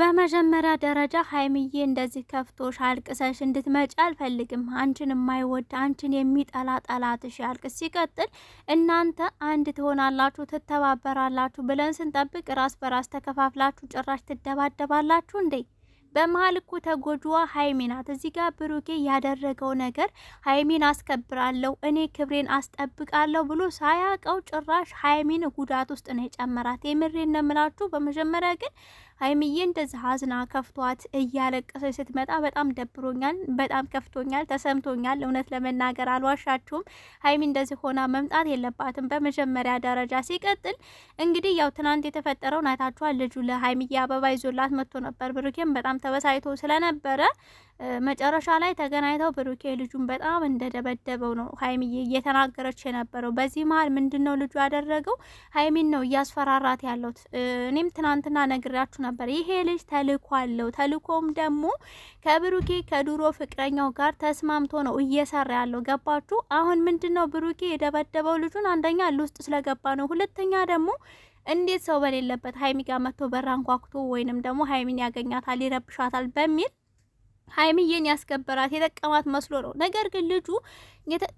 በመጀመሪያ ደረጃ ሀይምዬ እንደዚህ ከፍቶሽ አልቅሰሽ እንድትመጪ አልፈልግም። አንቺን የማይወድ አንቺን የሚጠላ ጠላትሽ ያልቅስ። ሲቀጥል እናንተ አንድ ትሆናላችሁ፣ ትተባበራላችሁ ብለን ስንጠብቅ ራስ በራስ ተከፋፍላችሁ ጭራሽ ትደባደባላችሁ እንዴ! በመሀል እኮ ተጎጂዋ ሀይሚ ናት። እዚህ ጋር ብሩኬ ያደረገው ነገር ሀይሚን አስከብራለሁ እኔ ክብሬን አስጠብቃለሁ ብሎ ሳያውቀው ጭራሽ ሀይሚን ጉዳት ውስጥ ነው የጨመራት። የምሬን ነው የምላችሁ። በመጀመሪያ ግን ሀይሚዬ እንደዚህ አዝና ከፍቷት እያለቀሰች ስትመጣ በጣም ደብሮኛል፣ በጣም ከፍቶኛል፣ ተሰምቶኛል። እውነት ለመናገር አልዋሻችሁም። ሀይሚ እንደዚህ ሆና መምጣት የለባትም በመጀመሪያ ደረጃ። ሲቀጥል እንግዲህ ያው ትናንት የተፈጠረውን አይታችኋል። ልጁ ለሀይሚዬ አበባ ይዞላት መጥቶ ነበር። ብሩኬም በጣም ተበሳይቶ ስለነበረ መጨረሻ ላይ ተገናኝተው ብሩኬ ልጁን በጣም እንደደበደበው ነው ሀይሚዬ እየተናገረች የነበረው። በዚህ መሀል ምንድን ነው ልጁ ያደረገው? ሀይሚን ነው እያስፈራራት ያለው። እኔም ትናንትና ነግሬያችሁ ነበር፣ ይሄ ልጅ ተልእኮ አለው። ተልእኮም ደግሞ ከብሩኬ ከድሮ ፍቅረኛው ጋር ተስማምቶ ነው እየሰራ ያለው። ገባችሁ? አሁን ምንድን ነው ብሩኬ የደበደበው ልጁን፣ አንደኛ ልውስጥ ስለገባ ነው፣ ሁለተኛ ደግሞ እንዴት ሰው በሌለበት ሀይሚ ጋር መጥቶ በራንኳኩቶ ወይንም ደግሞ ሀይሚን ያገኛታል፣ ይረብሻታል በሚል ሀይሚዬን ያስከበራት የጠቀማት መስሎ ነው። ነገር ግን ልጁ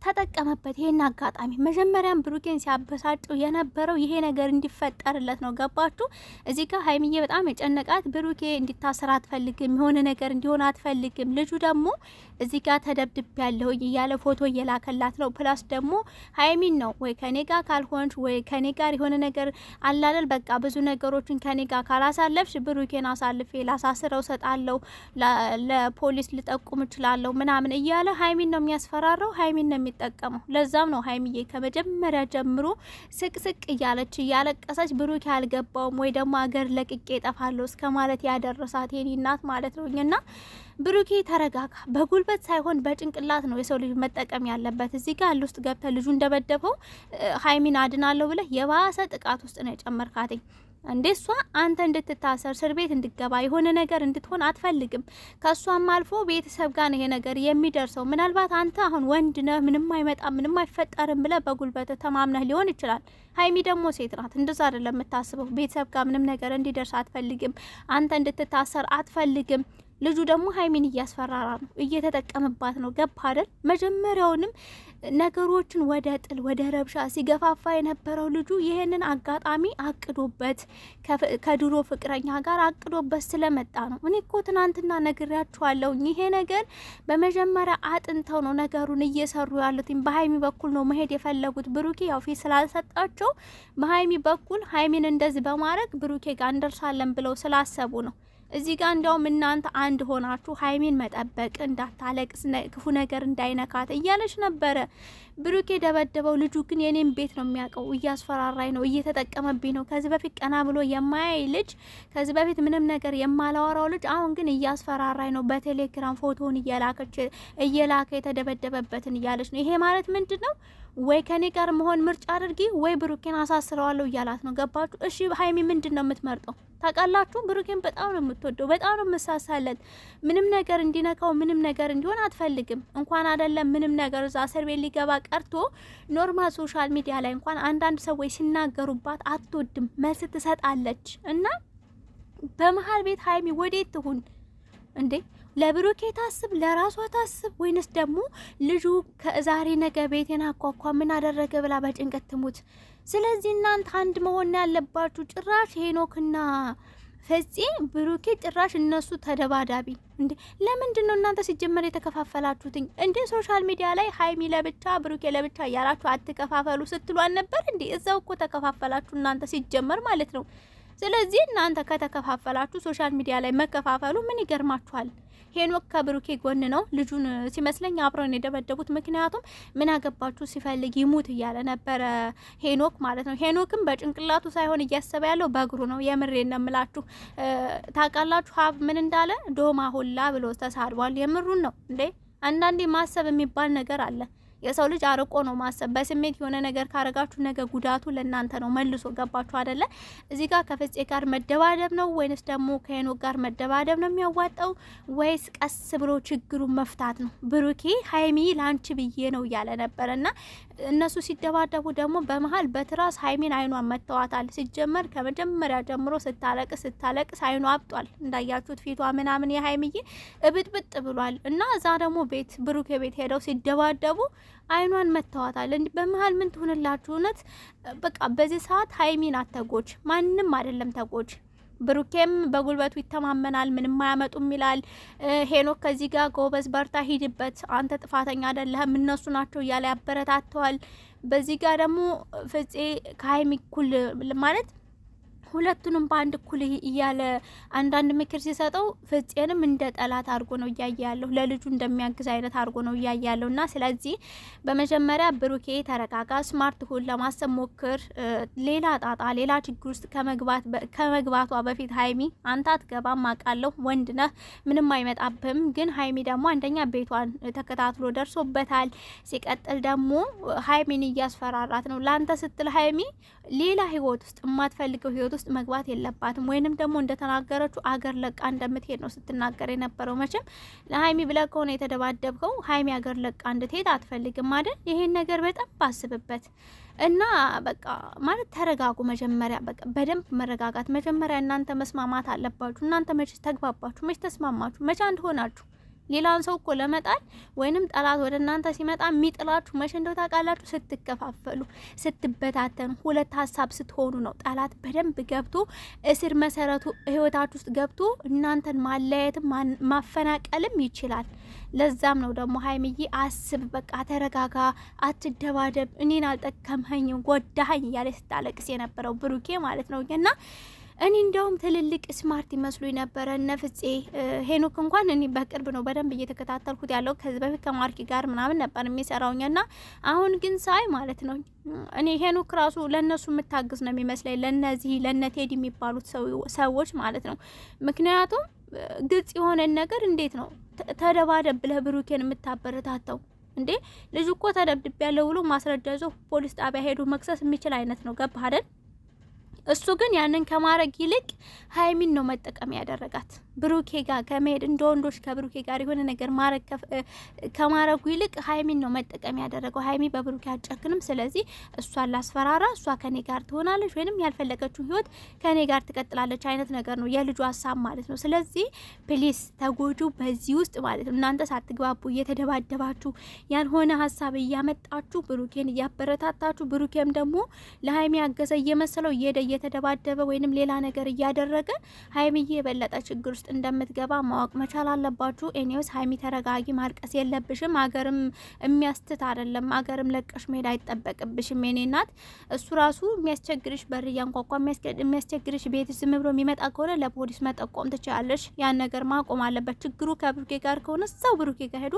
ተጠቀመበት ይሄን አጋጣሚ። መጀመሪያም ብሩኬን ሲያበሳጨው የነበረው ይሄ ነገር እንዲፈጠርለት ነው። ገባችሁ? እዚህ ጋር ሀይሚዬ በጣም የጨነቃት ብሩኬ እንዲታሰር አትፈልግም፣ የሆነ ነገር እንዲሆን አትፈልግም። ልጁ ደግሞ እዚህ ጋር ተደብድብ ያለሁ እያለ ፎቶ እየላከላት ነው። ፕላስ ደግሞ ሀይሚን ነው ወይ ከኔ ጋር ካልሆንች ወይ ከኔ ጋር የሆነ ነገር አላለል፣ በቃ ብዙ ነገሮችን ከኔ ጋር ካላሳለፍሽ ብሩኬን አሳልፌ ላሳስረው ሰጣለው ፖሊስ ልጠቁም እችላለሁ ምናምን እያለ ሀይሚን ነው የሚያስፈራረው፣ ሀይሚን ነው የሚጠቀመው። ለዛም ነው ሀይሚዬ ከመጀመሪያ ጀምሮ ስቅስቅ እያለች እያለቀሰች ብሩክ ያልገባውም ወይ ደግሞ አገር ለቅቄ እጠፋለሁ እስከ ማለት ያደረሳት የኔ እናት ማለት ነው። እና ብሩኬ ተረጋጋ፣ በጉልበት ሳይሆን በጭንቅላት ነው የሰው ልጅ መጠቀም ያለበት። እዚህ ጋር ውስጥ ገብተ ልጁ እንደበደበው ሀይሚን አድናለሁ ብለህ የባሰ ጥቃት ውስጥ ነው የጨመርካትኝ። እንዴ እሷ አንተ እንድትታሰር እስር ቤት እንድገባ የሆነ ነገር እንድትሆን አትፈልግም። ከእሷም አልፎ ቤተሰብ ጋር ይሄ ነገር የሚደርሰው። ምናልባት አንተ አሁን ወንድ ነህ፣ ምንም አይመጣም፣ ምንም አይፈጠርም ብለህ በጉልበት ተማምነህ ሊሆን ይችላል። ሀይሚ ደግሞ ሴት ናት፣ እንደዛ አይደለም የምታስበው። ቤተሰብ ጋር ምንም ነገር እንዲደርስ አትፈልግም። አንተ እንድትታሰር አትፈልግም። ልጁ ደግሞ ሀይሚን እያስፈራራ ነው፣ እየተጠቀመባት ነው። ገባ አይደል? መጀመሪያውንም ነገሮችን ወደ ጥል ወደ ረብሻ ሲገፋፋ የነበረው ልጁ ይህንን አጋጣሚ አቅዶበት ከድሮ ፍቅረኛ ጋር አቅዶበት ስለመጣ ነው። እኔ እኮ ትናንትና ነግሬያችኋለሁ። ይሄ ነገር በመጀመሪያ አጥንተው ነው ነገሩን እየሰሩ ያሉት። በሀይሚ በኩል ነው መሄድ የፈለጉት። ብሩኬ ያው ፊት ስላልሰጣቸው በሀይሚ በኩል ሀይሚን እንደዚህ በማድረግ ብሩኬ ጋር እንደርሳለን ብለው ስላሰቡ ነው። እዚህ ጋር እንደውም እናንተ አንድ ሆናችሁ ሀይሜን መጠበቅ እንዳታለቅስ ክፉ ነገር እንዳይነካት እያለች ነበረ። ብሩክ የደበደበው ልጁ ግን የኔም ቤት ነው የሚያውቀው፣ እያስፈራራኝ ነው፣ እየተጠቀመብኝ ነው። ከዚህ በፊት ቀና ብሎ የማያይ ልጅ፣ ከዚህ በፊት ምንም ነገር የማላወራው ልጅ፣ አሁን ግን እያስፈራራኝ ነው። በቴሌግራም ፎቶውን እየላከች እየላከ የተደበደበበትን እያለች ነው። ይሄ ማለት ምንድን ነው? ወይ ከኔ ጋር መሆን ምርጫ አድርጊ ወይ ብሩኬን አሳስረዋለሁ እያላት ነው። ገባችሁ? እሺ ሀይሚ ምንድን ነው የምትመርጠው? ታውቃላችሁ፣ ብሩኬን በጣም ነው የምትወደው፣ በጣም ነው የምሳሳለት። ምንም ነገር እንዲነካው፣ ምንም ነገር እንዲሆን አትፈልግም። እንኳን አይደለም ምንም ነገር እዛ እስር ቤት ሊገባ ቀርቶ ኖርማል ሶሻል ሚዲያ ላይ እንኳን አንዳንድ ሰዎች ሲናገሩባት አትወድም፣ መልስ ትሰጣለች እና በመሀል ቤት ሀይሚ ወዴት ትሁን እንዴ? ለብሩኬ ታስብ፣ ለራሷ ታስብ፣ ወይንስ ደግሞ ልጁ ከዛሬ ነገ ቤቴን አኳኳ ምን አደረገ ብላ በጭንቀት ትሙት? ስለዚህ እናንተ አንድ መሆን ያለባችሁ። ጭራሽ ሄኖክና ፈጼ ብሩኬ ጭራሽ እነሱ ተደባዳቢ እንዴ! ለምንድን ነው እናንተ ሲጀመር የተከፋፈላችሁትኝ? እንዴ ሶሻል ሚዲያ ላይ ሀይሚ ለብቻ ብሩኬ ለብቻ እያላችሁ አትከፋፈሉ ስትሏን ነበር እንዴ? እዛው እኮ ተከፋፈላችሁ እናንተ ሲጀመር ማለት ነው። ስለዚህ እናንተ ከተከፋፈላችሁ ሶሻል ሚዲያ ላይ መከፋፈሉ ምን ይገርማችኋል? ሄኖክ ከብሩኬ ጎን ነው። ልጁን ሲመስለኝ አብረን የደበደቡት ምክንያቱም ምን አገባችሁ ሲፈልግ ይሙት እያለ ነበረ ሄኖክ ማለት ነው። ሄኖክም በጭንቅላቱ ሳይሆን እያሰበ ያለው በእግሩ ነው። የምሬ ነው የምላችሁ። ታውቃላችሁ ሀብ ምን እንዳለ ዶማ ሁላ ብሎ ተሳድቧል። የምሩን ነው እንዴ! አንዳንዴ ማሰብ የሚባል ነገር አለ። የሰው ልጅ አርቆ ነው ማሰብ። በስሜት የሆነ ነገር ካረጋችሁ ነገ ጉዳቱ ለእናንተ ነው መልሶ። ገባችሁ አደለ? እዚህ ጋር ከፍፄ ጋር መደባደብ ነው ወይንስ ደግሞ ከሄኖ ጋር መደባደብ ነው የሚያዋጣው? ወይስ ቀስ ብሎ ችግሩን መፍታት ነው? ብሩኬ ሀይሚ ለአንቺ ብዬ ነው እያለ ነበረ እና እነሱ ሲደባደቡ ደግሞ በመሀል በትራስ ሀይሚን አይኗ መተዋታል። ሲጀመር ከመጀመሪያ ጀምሮ ስታለቅስ ስታለቅስ አይኗ አብጧል። እንዳያችሁት ፊቷ ምናምን የሀይሚዬ እብጥብጥ ብሏል። እና እዛ ደግሞ ቤት ብሩኬ ቤት ሄደው ሲደባደቡ አይኗን መተዋታል። በመሀል ምን ትሆንላችሁ? እውነት በቃ በዚህ ሰዓት ሀይሚን አተጎች ማንም አይደለም ተጎች። ብሩኬም በጉልበቱ ይተማመናል፣ ምንም አያመጡም ይላል። ሄኖክ ከዚህ ጋር ጎበዝ፣ በርታ፣ ሂድበት፣ አንተ ጥፋተኛ አይደለህም፣ እነሱ ናቸው እያለ ያበረታተዋል። በዚህ ጋር ደግሞ ፍፄ ከሀይሚ እኩል ማለት ሁለቱንም በአንድ እኩል እያለ አንዳንድ ምክር ሲሰጠው ፍፄንም እንደ ጠላት አድርጎ ነው እያየ ያለሁ፣ ለልጁ እንደሚያግዝ አይነት አድርጎ ነው እያየ ያለሁ እና ስለዚህ በመጀመሪያ ብሩኬ ተረጋጋ፣ ስማርት ሁን፣ ለማሰብ ሞክር። ሌላ ጣጣ፣ ሌላ ችግር ውስጥ ከመግባቷ በፊት ሀይሚ አንተ አትገባም፣ አውቃለሁ፣ ወንድ ነህ፣ ምንም አይመጣብህም። ግን ሀይሚ ደግሞ አንደኛ ቤቷን ተከታትሎ ደርሶበታል። ሲቀጥል ደግሞ ሀይሚን እያስፈራራት ነው። ለአንተ ስትል ሀይሚ ሌላ ህይወት ውስጥ የማትፈልገው ህይወት ውስጥ መግባት የለባትም ወይንም ደግሞ እንደተናገረችው አገር ለቃ እንደምትሄድ ነው ስትናገር የነበረው። መቼም ለሀይሚ ብለ ከሆነ የተደባደብከው ሀይሚ አገር ለቃ እንድትሄድ አትፈልግም አይደል? ይሄን ነገር በጣም ባስብበት እና በቃ ማለት ተረጋጉ። መጀመሪያ በቃ በደንብ መረጋጋት መጀመሪያ እናንተ መስማማት አለባችሁ። እናንተ መቼ ተግባባችሁ? መቼ ተስማማችሁ? መቼ አንድ ሆናችሁ ሌላን ሰው እኮ ለመጣል ወይንም ጠላት ወደ እናንተ ሲመጣ የሚጥላችሁ መቼ እንደው ታውቃላችሁ? ስትከፋፈሉ፣ ስትበታተኑ፣ ሁለት ሀሳብ ስትሆኑ ነው። ጠላት በደንብ ገብቶ እስር መሰረቱ ህይወታችሁ ውስጥ ገብቶ እናንተን ማለያየትም ማፈናቀልም ይችላል። ለዛም ነው ደግሞ ሀይምዬ አስብ፣ በቃ ተረጋጋ፣ አትደባደብ፣ እኔን አልጠቀምኸኝም፣ ጎዳኸኝ እያለ ስታለቅስ የነበረው ብሩኬ ማለት ነው እና እኔ እንዲያውም ትልልቅ ስማርት ይመስሉ የነበረ ነፍጼ ሄኖክ እንኳን እኔ በቅርብ ነው በደንብ እየተከታተልኩት ያለው ከዚህ በፊት ከማርኪ ጋር ምናምን ነበር ና አሁን ግን ሳይ ማለት ነው እኔ ሄኖክ ራሱ ለእነሱ የምታግዝ ነው የሚመስለኝ ለነዚህ ለነቴድ የሚባሉት ሰዎች ማለት ነው ምክንያቱም ግልጽ የሆነን ነገር እንዴት ነው ተደባደብ ብለህ ብሩኬን የምታበረታተው እንዴ ልጅ እኮ ተደብድብ ያለው ብሎ ማስረጃ ይዞ ፖሊስ ጣቢያ ሄዶ መክሰስ የሚችል አይነት ነው ገባህ አይደል እሱ ግን ያንን ከማድረግ ይልቅ ሀይሚን ነው መጠቀም ያደረጋት። ብሩኬ ጋር ከመሄድ እንደ ወንዶች ከብሩኬ ጋር የሆነ ነገር ከማድረጉ ይልቅ ሀይሚን ነው መጠቀም ያደረገው። ሀይሚ በብሩኬ አጨክንም። ስለዚህ እሷ ላስፈራራ፣ እሷ ከኔ ጋር ትሆናለች ወይንም ያልፈለገችው ህይወት ከኔ ጋር ትቀጥላለች አይነት ነገር ነው የልጁ ሀሳብ ማለት ነው። ስለዚህ ፕሊስ ተጎጁ በዚህ ውስጥ ማለት ነው እናንተ ሳትግባቡ እየተደባደባችሁ ያልሆነ ሀሳብ እያመጣችሁ ብሩኬን እያበረታታችሁ ብሩኬም ደግሞ ለሀይሚ ያገዘ እየመሰለው እየሄደ እየተደባደበ ወይንም ሌላ ነገር እያደረገ ሀይሚዬ የበለጠ ችግር ውስጥ እንደምትገባ ማወቅ መቻል አለባችሁ። ኤኒዌስ ሀይሚ ተረጋጊ፣ ማልቀስ የለብሽም። አገርም የሚያስትት አይደለም። አገርም ለቀሽ መሄድ አይጠበቅብሽም። የኔ ናት። እሱ ራሱ የሚያስቸግርሽ በር እያንኳኳ የሚያስቸግርሽ ቤት ዝም ብሎ የሚመጣ ከሆነ ለፖሊስ መጠቆም ትችላለሽ። ያን ነገር ማቆም አለበት። ችግሩ ከብሩኬ ጋር ከሆነ ሰው ብሩኬ ጋር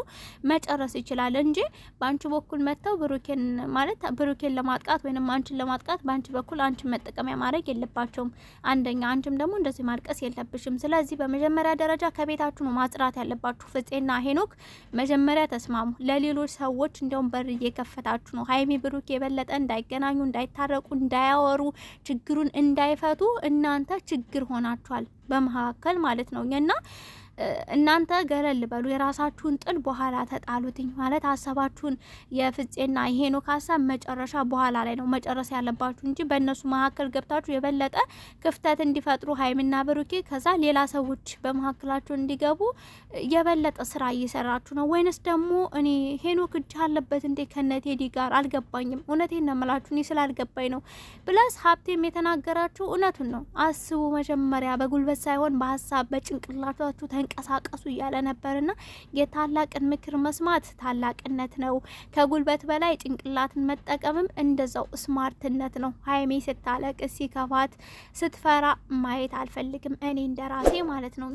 መጨረስ ይችላል እንጂ በአንቺ በኩል መጥተው ብሩኬን ማለት ብሩኬን ለማጥቃት ወይም አንቺን ለማጥቃት በአንቺ በኩል አንቺን መጠቀሚያ ማድረግ የለባቸውም። አንደኛ አንቺም ደግሞ እንደዚህ ማልቀስ የለብሽም። ስለዚህ በመጀመሪያ ደረጃ ከቤታችሁ ነው ማጽራት ያለባችሁ። ፍፄና ሄኖክ መጀመሪያ ተስማሙ። ለሌሎች ሰዎች እንዲያውም በር እየከፈታችሁ ነው። ሀይሚ ብሩክ የበለጠ እንዳይገናኙ፣ እንዳይታረቁ፣ እንዳያወሩ፣ ችግሩን እንዳይፈቱ እናንተ ችግር ሆናችኋል በመካከል ማለት ነው እና እናንተ ገለል በሉ፣ የራሳችሁን ጥል በኋላ ተጣሉትኝ ማለት ሀሳባችሁን የፍፄና የሄኖክ ሀሳብ መጨረሻ በኋላ ላይ ነው መጨረስ ያለባችሁ እንጂ በእነሱ መካከል ገብታችሁ የበለጠ ክፍተት እንዲፈጥሩ ሀይምና ብሩኬ ከዛ ሌላ ሰዎች በመካከላችሁ እንዲገቡ የበለጠ ስራ እየሰራችሁ ነው ወይንስ ደግሞ እኔ ሄኖክ እጅ አለበት እንዴ ከነቴዲ ጋር አልገባኝም። እውነቴን ነው የምላችሁ እኔ ስላልገባኝ ነው። ብለስ ሀብቴም የተናገራችሁ እውነቱን ነው። አስቡ መጀመሪያ በጉልበት ሳይሆን በሀሳብ በጭንቅላታችሁ ተንቀሳቀሱ እያለ ነበርና የታላቅን ምክር መስማት ታላቅነት ነው። ከጉልበት በላይ ጭንቅላትን መጠቀምም እንደዛው ስማርትነት ነው። ሀይሜ ስታለቅስ፣ ሲከፋት፣ ስትፈራ ማየት አልፈልግም እኔ እንደራሴ ማለት ነው።